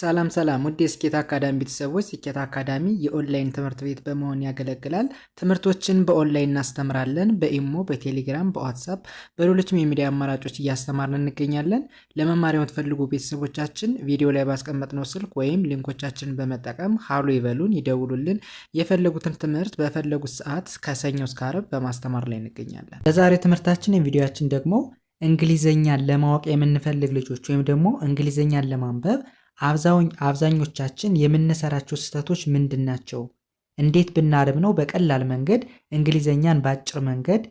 ሰላም ሰላም ውድ የስኬት አካዳሚ ቤተሰቦች፣ ስኬት አካዳሚ የኦንላይን ትምህርት ቤት በመሆን ያገለግላል። ትምህርቶችን በኦንላይን እናስተምራለን። በኢሞ፣ በቴሌግራም፣ በዋትሳፕ፣ በሌሎችም የሚዲያ አማራጮች እያስተማርን እንገኛለን። ለመማር የምትፈልጉ ቤተሰቦቻችን ቪዲዮ ላይ ባስቀመጥነው ስልክ ወይም ሊንኮቻችንን በመጠቀም ሀሎ ይበሉን፣ ይደውሉልን። የፈለጉትን ትምህርት በፈለጉት ሰዓት ከሰኞ እስከ ዓርብ በማስተማር ላይ እንገኛለን። በዛሬው ትምህርታችን የቪዲዮችን ደግሞ እንግሊዘኛን ለማወቅ የምንፈልግ ልጆች ወይም ደግሞ እንግሊዘኛን ለማንበብ አብዛኞቻችን የምንሰራቸው ስህተቶች ምንድን ናቸው? እንዴት ብናርም ነው በቀላል መንገድ እንግሊዘኛን በአጭር መንገድ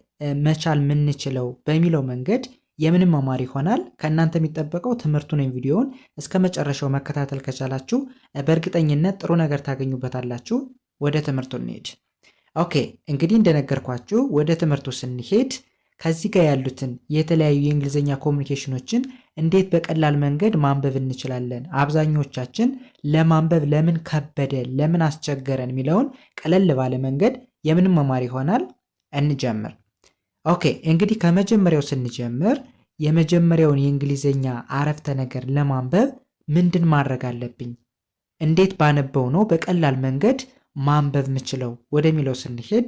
መቻል ምንችለው በሚለው መንገድ የምንም መማር ይሆናል። ከእናንተ የሚጠበቀው ትምህርቱን ወይም ቪዲዮውን እስከ መጨረሻው መከታተል ከቻላችሁ በእርግጠኝነት ጥሩ ነገር ታገኙበታላችሁ። ወደ ትምህርቱ እንሄድ። ኦኬ እንግዲህ እንደነገርኳችሁ ወደ ትምህርቱ ስንሄድ ከዚህ ጋር ያሉትን የተለያዩ የእንግሊዝኛ ኮሚኒኬሽኖችን እንዴት በቀላል መንገድ ማንበብ እንችላለን? አብዛኞቻችን ለማንበብ ለምን ከበደን፣ ለምን አስቸገረን የሚለውን ቀለል ባለ መንገድ መማር ይሆናል። እንጀምር። ኦኬ እንግዲህ ከመጀመሪያው ስንጀምር የመጀመሪያውን የእንግሊዝኛ አረፍተ ነገር ለማንበብ ምንድን ማድረግ አለብኝ? እንዴት ባነበው ነው በቀላል መንገድ ማንበብ ምችለው ወደሚለው ስንሄድ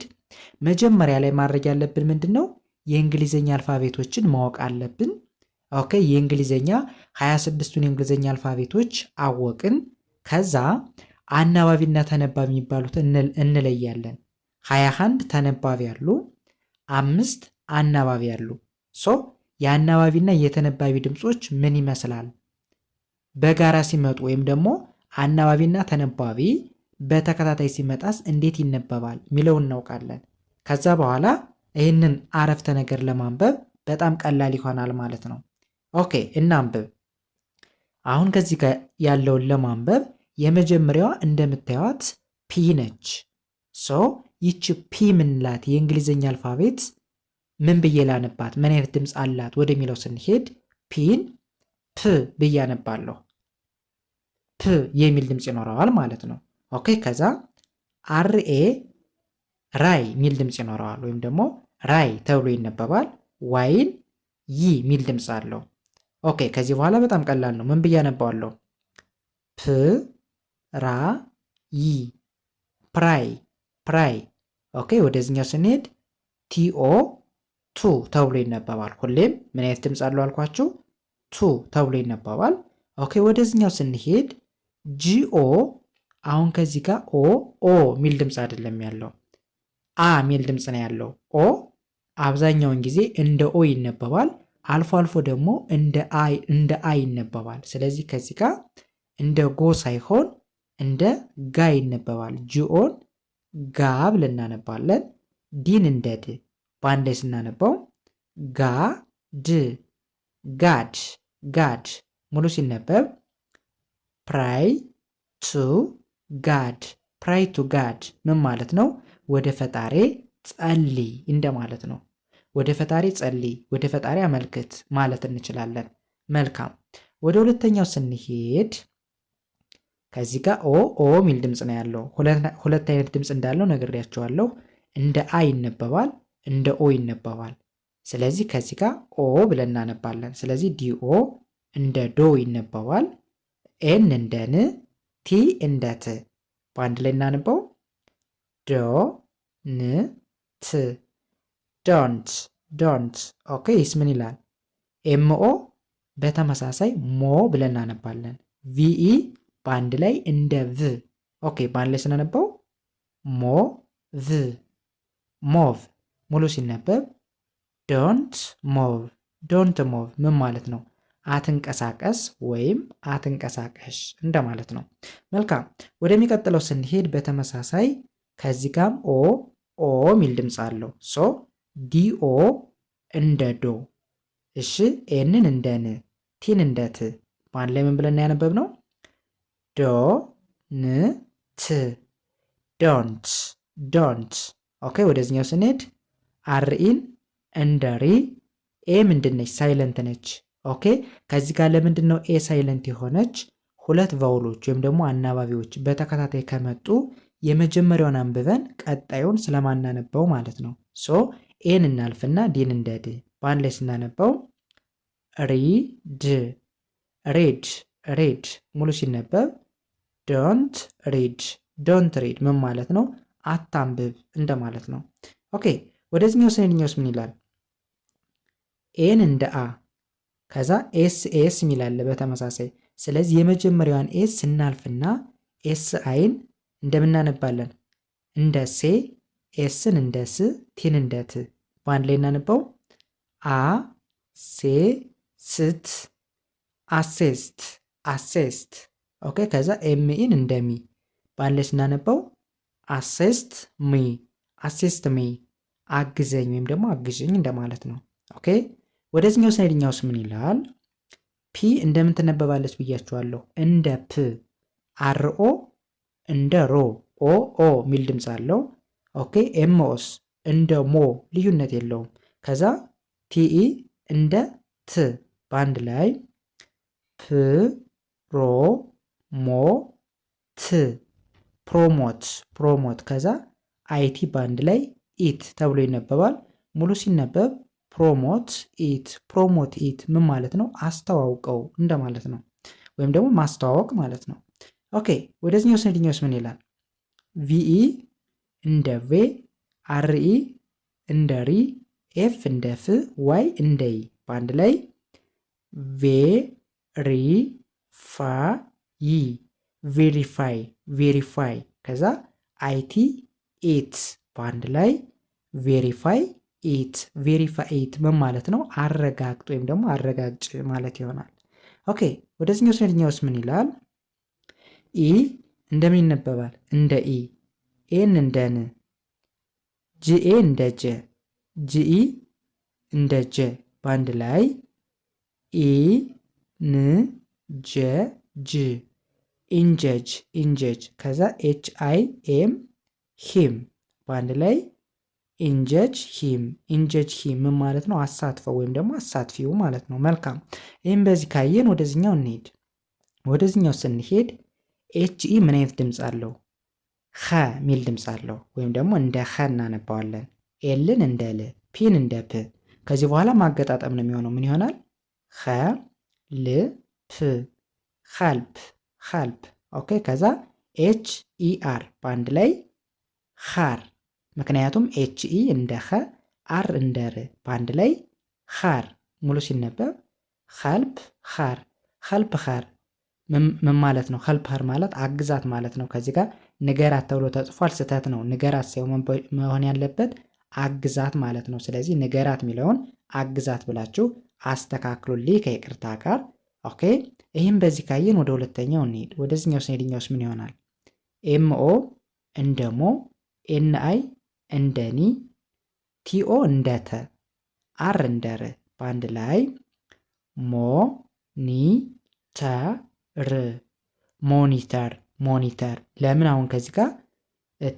መጀመሪያ ላይ ማድረግ ያለብን ምንድን ነው? የእንግሊዝኛ አልፋቤቶችን ማወቅ አለብን። ኦኬ የእንግሊዘኛ 26ቱን የእንግሊዘኛ አልፋቤቶች አወቅን። ከዛ አናባቢና ተነባቢ የሚባሉት እንለያለን። 21 ተነባቢ ያሉ አምስት አናባቢ ያሉ ሶ የአናባቢና የተነባቢ ድምፆች ምን ይመስላል? በጋራ ሲመጡ ወይም ደግሞ አናባቢና ተነባቢ በተከታታይ ሲመጣስ እንዴት ይነበባል የሚለው እናውቃለን። ከዛ በኋላ ይህንን አረፍተ ነገር ለማንበብ በጣም ቀላል ይሆናል ማለት ነው። ኦኬ እናንብብ። አሁን ከዚህ ጋር ያለውን ለማንበብ የመጀመሪያዋ እንደምታዩት ፒ ነች። ሶ ይቺ ፒ ምንላት የእንግሊዝኛ አልፋቤት ምን ብዬ ላነባት? ምን አይነት ድምፅ አላት ወደሚለው ስንሄድ ፒን ፕ ብዬ አነባለሁ። ፕ የሚል ድምፅ ይኖረዋል ማለት ነው። ኦኬ ከዛ አርኤ ራይ ሚል ድምፅ ይኖረዋል ወይም ደግሞ ራይ ተብሎ ይነበባል። ዋይን ይ ሚል ድምፅ አለው። ኦኬ ከዚህ በኋላ በጣም ቀላል ነው። ምን ብዬ አነባዋለሁ? ፕ ራ ይ ፕራይ ፕራይ። ኦኬ ወደዚኛው ስንሄድ ቲኦ ቱ ተብሎ ይነበባል። ሁሌም ምን አይነት ድምፅ አለው አልኳችሁ? ቱ ተብሎ ይነበባል። ኦኬ ወደዚህኛው ስንሄድ ጂኦ አሁን ከዚህ ጋር ኦ ኦ ሚል ድምፅ አይደለም ያለው አ ሚል ድምፅ ነው ያለው። ኦ አብዛኛውን ጊዜ እንደ ኦ ይነበባል። አልፎ አልፎ ደግሞ እንደ አይ እንደ አይ ይነበባል። ስለዚህ ከዚህ ጋር እንደ ጎ ሳይሆን እንደ ጋ ይነበባል። ጂኦን ጋ ብለን እናነባለን። ዲን እንደ ድ በአንድ ላይ ስናነባው ጋ ድ ጋድ ጋድ ሙሉ ሲነበብ ፕራይ ቱ ጋድ ፕራይ ቱ ጋድ ምን ማለት ነው? ወደ ፈጣሬ ጸልይ እንደማለት ነው። ወደ ፈጣሪ ጸልይ፣ ወደ ፈጣሪ አመልክት ማለት እንችላለን። መልካም ወደ ሁለተኛው ስንሄድ ከዚህ ጋር ኦ ኦ የሚል ድምፅ ነው ያለው። ሁለት አይነት ድምፅ እንዳለው ነግሬያቸዋለሁ። እንደ አ ይነበባል፣ እንደ ኦ ይነበባል። ስለዚህ ከዚህ ጋር ኦ ብለን እናነባለን። ስለዚህ ዲኦ እንደ ዶ ይነበባል። ኤን እንደ ን፣ ቲ እንደ ት። በአንድ ላይ እናንበው ዶ ን ት ዶንት ዶንት። ኦኬ ይስ ምን ይላል? ኤምኦ በተመሳሳይ ሞ ብለን እናነባለን። ቪኢ በአንድ ላይ እንደ ቭ። ኦኬ በአንድ ላይ ስናነባው ሞ ቭ ሞቭ። ሙሉ ሲነበብ ዶንት ሞቭ ዶንት ሞቭ ምን ማለት ነው? አትንቀሳቀስ ወይም አትንቀሳቀሽ እንደማለት ነው። መልካም ወደሚቀጥለው ስንሄድ በተመሳሳይ ከዚህ ጋም ኦ ኦ የሚል ድምፅ አለው ሶ ዲኦ እንደ ዶ እሺ ኤንን እንደ ን ቲን እንደ ት በአንድ ላይ ምን ብለን ያነበብ ነው? ዶ ን ት ዶንት ዶንት። ኦኬ ወደዚኛው ስንሄድ አርኢን እንደ ሪ ኤ ምንድን ነች? ሳይለንት ነች። ኦኬ ከዚህ ጋር ለምንድን ነው ኤ ሳይለንት የሆነች? ሁለት ቫውሎች ወይም ደግሞ አናባቢዎች በተከታታይ ከመጡ የመጀመሪያውን አንብበን ቀጣዩን ስለማናነበው ማለት ነው ሶ ኤን እናልፍና ዲን እንደ ድ በአንድ ላይ ስናነባው ሪድ ሬድ ሬድ ሙሉ ሲነበብ ዶንት ሪድ ዶንት ሪድ ምን ማለት ነው? አታንብብ እንደማለት ነው። ኦኬ ወደዚህኛው ስንሄድኛውስ ምን ይላል? ኤን እንደ አ ከዛ ኤስ ኤስ የሚላለ በተመሳሳይ ስለዚህ የመጀመሪያዋን ኤስ እናልፍና ኤስ አይን እንደምናነባለን እንደ ሴ ኤስን እንደ ስ ቲን እንደ ት በአንድ ላይ እናንበው። አ ሴ ስት አሴስት አሴስት። ኦኬ ከዛ ኤምኢን እንደ ሚ በአንድ ላይ ስናነበው አሴስት ሚ አሴስት ሚ አግዘኝ ወይም ደግሞ አግዥኝ እንደማለት ነው። ኦኬ ወደዚኛው ስናይድኛውስ ምን ይላል? ፒ እንደምን ትነበባለች ብያችኋለሁ። እንደ ፕ አርኦ እንደ ሮ ኦ ኦ የሚል ድምፅ አለው። ኦኬ ኤምኦስ እንደ ሞ ልዩነት የለውም። ከዛ ቲኢ እንደ ት በአንድ ላይ ት ፕሮሞት ፕሮሞት ከዛ አይቲ በአንድ ላይ ኢት ተብሎ ይነበባል። ሙሉ ሲነበብ ፕሮሞት ኢት ፕሮሞት ኢት ምን ማለት ነው? አስተዋውቀው እንደማለት ነው፣ ወይም ደግሞ ማስተዋወቅ ማለት ነው። ኦኬ ወደዚህኛው ስንድኛውስ ምን ይላል? ቪኢ እንደ ቬ፣ አር ኢ እንደ ሪ፣ ኤፍ እንደ ፍ፣ ዋይ እንደ ይ በአንድ ላይ ቬ ሪ ፋ ይ ቬሪፋይ ቬሪፋይ ከዛ አይቲ ኢት በአንድ ላይ ቬሪፋይ ኢት ቬሪፋይ ኢት ምን ማለት ነው? አረጋግጥ ወይም ደግሞ አረጋግጭ ማለት ይሆናል። ኦኬ ወደዚህኛው ስንሄድ ምን ይላል? ኢ እንደምን ይነበባል? እንደ ኢ ኤን እንደ ን ጂኤ እንደ ጀ ጂኢ እንደ ጀ በአንድ ላይ ኢ ን ጀ ጅ ኢንጀጅ ኢንጀጅ ከዛ ኤች አይ ኤም ሂም በአንድ ላይ ኢንጀጅ ሂም ኢንጀጅ ሂም ማለት ነው? አሳትፈው ወይም ደግሞ አሳትፊው ማለት ነው። መልካም ይህም በዚህ ካየን ወደዚኛው እንሄድ። ወደዚኛው ስንሄድ ኤች ኢ ምን አይነት ድምፅ አለው? ኸ የሚል ድምፅ አለው። ወይም ደግሞ እንደ ኸ እናነባዋለን። ኤልን እንደ ል፣ ፒን እንደ ፕ። ከዚህ በኋላ ማገጣጠም ነው የሚሆነው። ምን ይሆናል? ኸ ል ፕ ኸልፕ፣ ኸልፕ። ኦኬ። ከዛ ኤች ኢ አር በአንድ ላይ ኻር። ምክንያቱም ኤች ኢ እንደ ኸ፣ አር እንደ ር፣ በአንድ ላይ ኻር። ሙሉ ሲነበብ ኸልፕ ር ኸልፕ ኻር ምን ማለት ነው? ኸልፕ ማለት አግዛት ማለት ነው። ከዚህ ጋር ንገራት ተብሎ ተጽፏል። ስህተት ነው። ንገራት ሳይሆን መሆን ያለበት አግዛት ማለት ነው። ስለዚህ ንገራት የሚለውን አግዛት ብላችሁ አስተካክሉልኝ ከይቅርታ ጋር። ኦኬ፣ ይህም በዚህ ካየን ወደ ሁለተኛው እንሄድ። ወደዚኛው ስንሄድኛውስ ምን ይሆናል? ኤምኦ እንደ ሞ፣ ኤንአይ እንደ ኒ፣ ቲኦ እንደ ተ፣ አር እንደ ር በአንድ ላይ ሞ ኒ ተ ር ሞኒተር ሞኒተር ለምን አሁን ከዚህ ጋር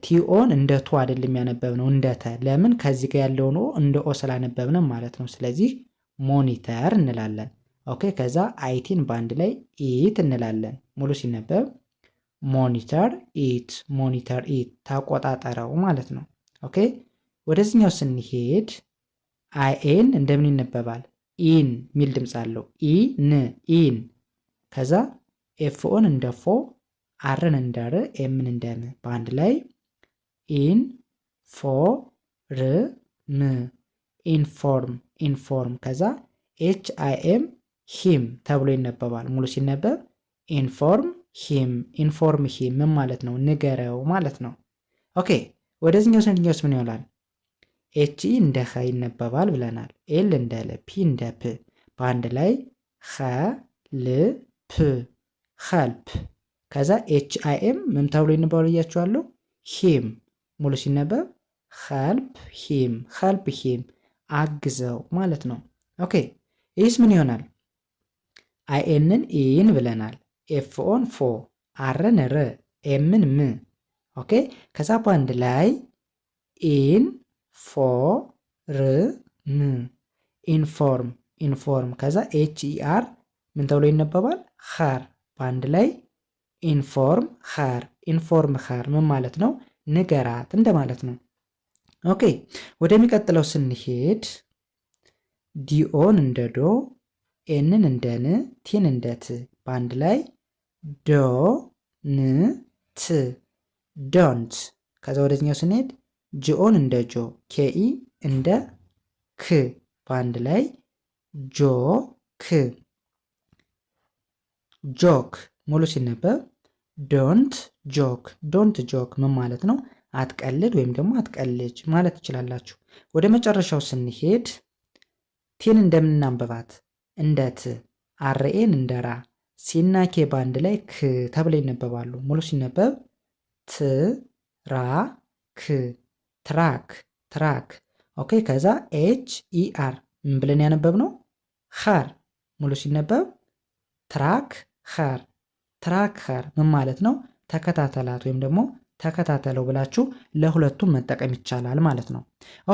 ቲኦን እንደ ቱ አይደለም ነው እንደ ተ ለምን ከዚህ ጋር ያለውን ኦ እንደ ኦ ስላነበብነ ማለት ነው። ስለዚህ ሞኒተር እንላለን። ኦኬ ከዛ አይቲን በአንድ ላይ ኢት እንላለን። ሙሉ ሲነበብ ሞኒተር ኢት፣ ሞኒተር ኢት ተቆጣጠረው ማለት ነው። ኦኬ ወደዚህኛው ስንሄድ አይኤን እንደምን ይነበባል? ኢን ሚል ድምፅ አለው። ኢ ን ኢን። ከዛ ኤፍኦን እንደ ፎ አርን እንደር ኤምን እንደም በአንድ ላይ ኢን ፎ ር ም ኢንፎርም ኢንፎርም ከዛ ኤች አይ ኤም ሂም ተብሎ ይነበባል። ሙሉ ሲነበብ ኢንፎርም ሂም ኢንፎርም ሂም ምን ማለት ነው? ንገረው ማለት ነው። ኦኬ ወደዚህኛው ስንኛውስ ምን ይሆናል? ኤች ኢ እንደ ኸ ይነበባል ብለናል። ኤል እንደ ለ፣ ፒ እንደ ፕ በአንድ ላይ ኸ ል ፕ ኸልፕ ከዛ ኤች አይ ኤም ምን ተብሎ ይነበባል ብያችኋለሁ። ሂም ሙሉ ሲነበብ ኸልፕ ሂም ኸልፕ ሂም አግዘው ማለት ነው። ኦኬ ይህስ ምን ይሆናል? አይኤንን ኢን ብለናል። ኤፍኦን ፎ አርን ር ኤምን ም ኦኬ ከዛ በአንድ ላይ ኢን ፎ ር ም ኢንፎርም ኢንፎርም ከዛ ኤች ኢ አር ምን ተብሎ ይነበባል? ኻር በአንድ ላይ ኢንፎርም ኸር ኢንፎርም ኸር ምን ማለት ነው? ንገራት እንደማለት ነው። ኦኬ ወደሚቀጥለው ስንሄድ ዲኦን እንደ ዶ፣ ኤንን እንደ ን፣ ቲን እንደ ት በአንድ ላይ ዶ ን ት ዶንት። ከዛ ወደኛው ስንሄድ ጂኦን እንደ ጆ፣ ኬኢ እንደ ክ በአንድ ላይ ጆ ክ ጆክ ሙሉ ሲነበብ ዶንት ጆክ ዶንት ጆክ ምን ማለት ነው? አትቀልድ ወይም ደግሞ አትቀልጅ ማለት ትችላላችሁ። ወደ መጨረሻው ስንሄድ ቲን እንደምናንበባት እንደ ት አርኤን እንደ ራ ሲና ኬ በአንድ ላይ ክ ተብለው ይነበባሉ። ሙሉ ሲነበብ ት ራ ክ ትራክ ትራክ። ኦኬ ከዛ ኤች ኢ አር ምን ብለን ያነበብ ነው? ኸር ሙሉ ሲነበብ ትራክ ኸር? ትራከር ምን ማለት ነው? ተከታተላት ወይም ደግሞ ተከታተለው ብላችሁ ለሁለቱም መጠቀም ይቻላል ማለት ነው።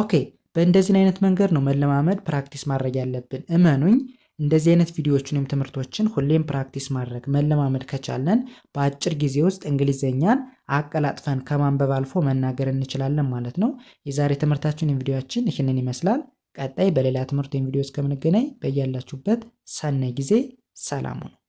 ኦኬ በእንደዚህን አይነት መንገድ ነው መለማመድ ፕራክቲስ ማድረግ ያለብን። እመኑኝ እንደዚህ አይነት ቪዲዮዎችን ወይም ትምህርቶችን ሁሌም ፕራክቲስ ማድረግ መለማመድ ከቻለን በአጭር ጊዜ ውስጥ እንግሊዘኛን አቀላጥፈን ከማንበብ አልፎ መናገር እንችላለን ማለት ነው። የዛሬ ትምህርታችን ቪዲዮችን ይህንን ይመስላል። ቀጣይ በሌላ ትምህርት ወይም ቪዲዮ እስከምንገናኝ በያላችሁበት ሰነ ጊዜ ሰላሙ ነው።